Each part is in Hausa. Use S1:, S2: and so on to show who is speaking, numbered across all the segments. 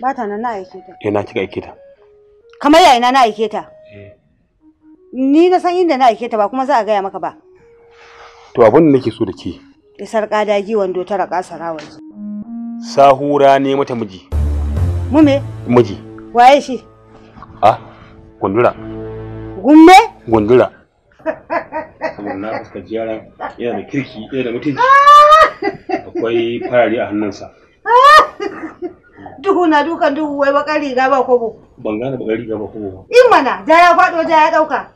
S1: Ba ta nan na aike ta.
S2: Ina eh, kika aike ta?
S1: Kamar ya ina na aike ta? Eh. Ni na san inda na aike ta ba kuma za a gaya maka ba.
S2: To abin da nake so da ke.
S1: Isar ƙadagi wando ta raƙa sarawar.
S2: Sahura ne mata miji. Mu me? Miji. Waye shi? Ah, gundura. Gumme? Gundura. Sannan na fuska jiyara yana da kirki, yana da mutunci.
S1: Akwai farare a hannunsa. duhu na dukan duhu wai baka riga ba kobo.
S2: Ban gane baka riga ba kobo.
S1: In mana ja ya fado ja ya dauka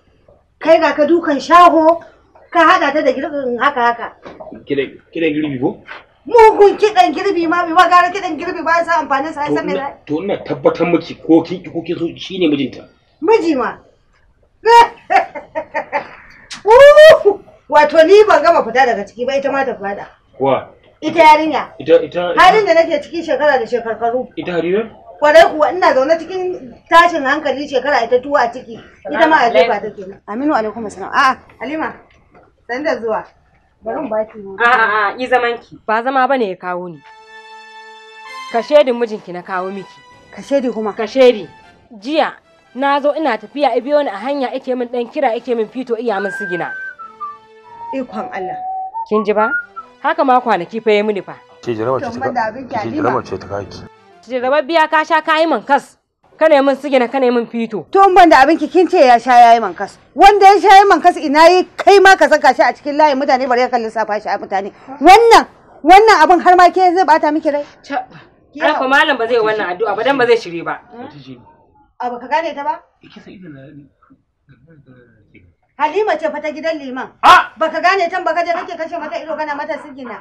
S1: Kai ga ka dukan shaho ka hada ta da girbin haka haka.
S2: Kiɗan girbi ko?
S1: Mugun kiɗan girbi ma bai magana kiɗan girbi ba sa amfanin sa san me za.
S2: To ina tabbatar miki ko kin ki ko kin so shine mijinta.
S1: Miji ma. Wato ni ban gama fita daga ciki ba ita ma ta fada. Wa. Ita yarinya.
S2: Ita ita. Halin da
S1: nake cikin shekara da shekarkaru. Ita Harira? Kwarai kuwa ina zaune cikin tashin hankali shekara ita tuwa a ciki. Ita ma a jefa take. Aminu alaikum assalam. A'a Halima. San da zuwa. Bari mu baki. a a
S2: yi zaman ki. Ba zama bane ya kawo ni. Ka shedi mijinki na kawo miki. Ka shedi kuma. Ka shedi. Jiya na zo ina tafiya a biyo ni a hanya ake min dan kira ake min fito iya min sigina. Ikon Allah. Kin ji ba? haka ma kwanaki fa ya mini fa ce jaraba ce ta ce jaraba ce ta
S1: kaki biya ka sha kayi man kas ka nemi sigina ka mun fito to ban da abinki kin ce ya sha yayi man kas wanda ya sha yayi man kas ina yi kai ma ka saka shi a cikin layin mutane bari ka lissafa shi a mutane wannan wannan abin har ma ke zai bata miki rai
S2: ai ko malam ba zai wannan addu'a ba dan ba zai shiri ba
S1: abu ka gane ta ba
S2: ki sai idan
S1: Halima ce fa ta gidan liman. A baka gane tan baka je kake kashe mata ido kana mata sigina.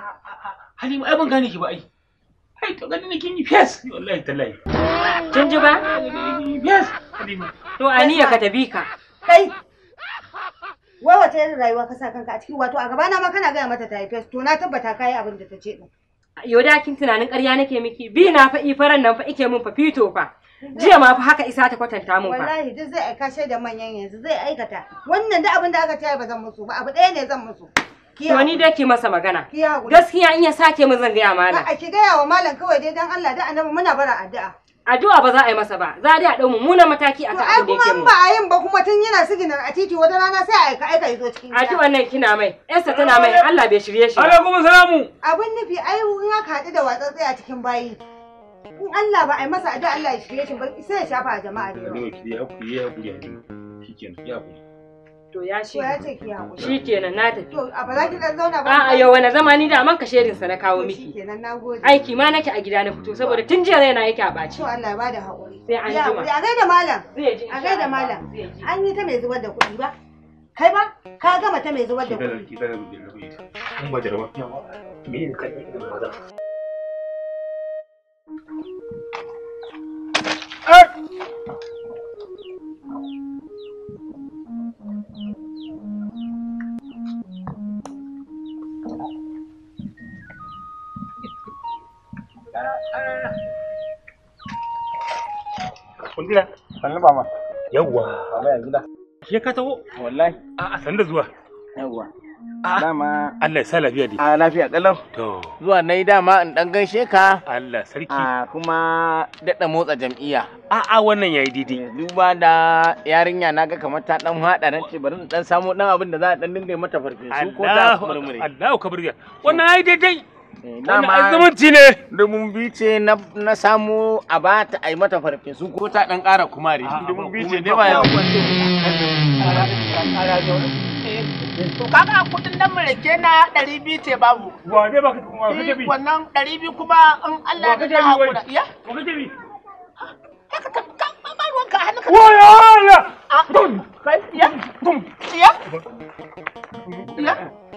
S1: Halima
S2: ai ban gane ki ba ai. Ai to gani ne kin yi fes wallahi tallahi. Kin ji ba? Yes Halima. To aniya ka tabi ka.
S1: Kai Wai wata irin rayuwa ka sa kanka a cikin wato a gabana ma kana gaya mata ta yi fes to na tabbata kai abin da ta ce din.
S2: yau da kin tunanin ƙarya nake miki bi na fa faran nan fa ike mun fa fito fa jiya ma fa haka isa ta kwatanta mun fa wallahi
S1: duk zai aika da manyan yanzu zai aikata wannan da abin da aka taya ba zan musu ba abu ɗaya ne zan musu to ni
S2: dai ke masa magana gaskiya in ya sake mun zan gaya malam a
S1: ki gaya wa mallam kawai dai dan Allah da annabi muna bara addu'a
S2: addu'a ba za a yi masa ba za a dai a ɗau mummunan mataki a kan abin da yake mu. ba
S1: a yin ba kuma tun yana siginar a titi wata rana sai a aika aika yazo cikin gida. Addu'an nan kina
S2: mai yarsa tana mai Allah bai shirye shi. Alaikum salamu.
S1: Abin nufi ai in aka haɗu da watsa a cikin bayi. In Allah ba a yi masa addu'a Allah ya shirye shi ba sai ya shafa a jama'a da yawa.
S2: Ya ku ya ku ya ku shikenan ya ku
S1: To ya ce ki
S2: Shi kenan na tafi. To
S1: a ba za ki dan zauna ba. A'a yau wani zamani
S2: da man ka shedin sa na kawo miki.
S1: To kenan nagode. Aiki
S2: ma nake a gida na fito saboda tun jiya raina yake a baci. To
S1: Allah ba da hakuri. Sai an jima. A gaida malam. Zai ji. A gaida malam. An yi ta mai zubar da kuɗi ba. Kai ba? Ka gama ta mai zubar da
S2: kuɗi. Ki da ki da ki da. Mun ba jarma. Me ne kai? Kundila, sannu ba ma. Yawwa. Ba ma yanzu Ke ka taho? Wallahi. A'a, sannu da zuwa. Yawwa. Dama. Allah ya sa lafiya dai. A lafiya kalau. To. Zuwa na yi dama in dan gaishe ka. Allah sarki. A kuma daɗa motsa jam'iyya. A'a wannan yayi daidai. Eh, duba da yarinya na ga kamar ta dan haɗa nan ce bari in dan samo dan abin da za a dan dinga mata farfesu ko da murmure. Allahu kabir. Wannan yayi daidai. Eh, dama azumunci ne. Dumun na samu a ba ta a yi mata farfesu ko ta ɗan ƙara kumare. Ah, Dumun bice ne ba yawa. To kudin mareke na ɗari biyu ce babu. Wa ne kuma kaje bi? Wannan ɗari biyu kuma in Allah ya ta hakura. Ya? Wa bi? Ka ka ka ba ruwanka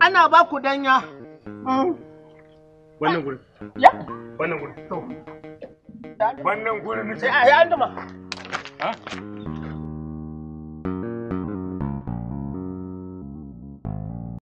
S2: ana ba ku danya. Mm. Wannan gurin. Ya? Wannan gurin. To. Wannan gurin. Sai a yi an
S1: Ha?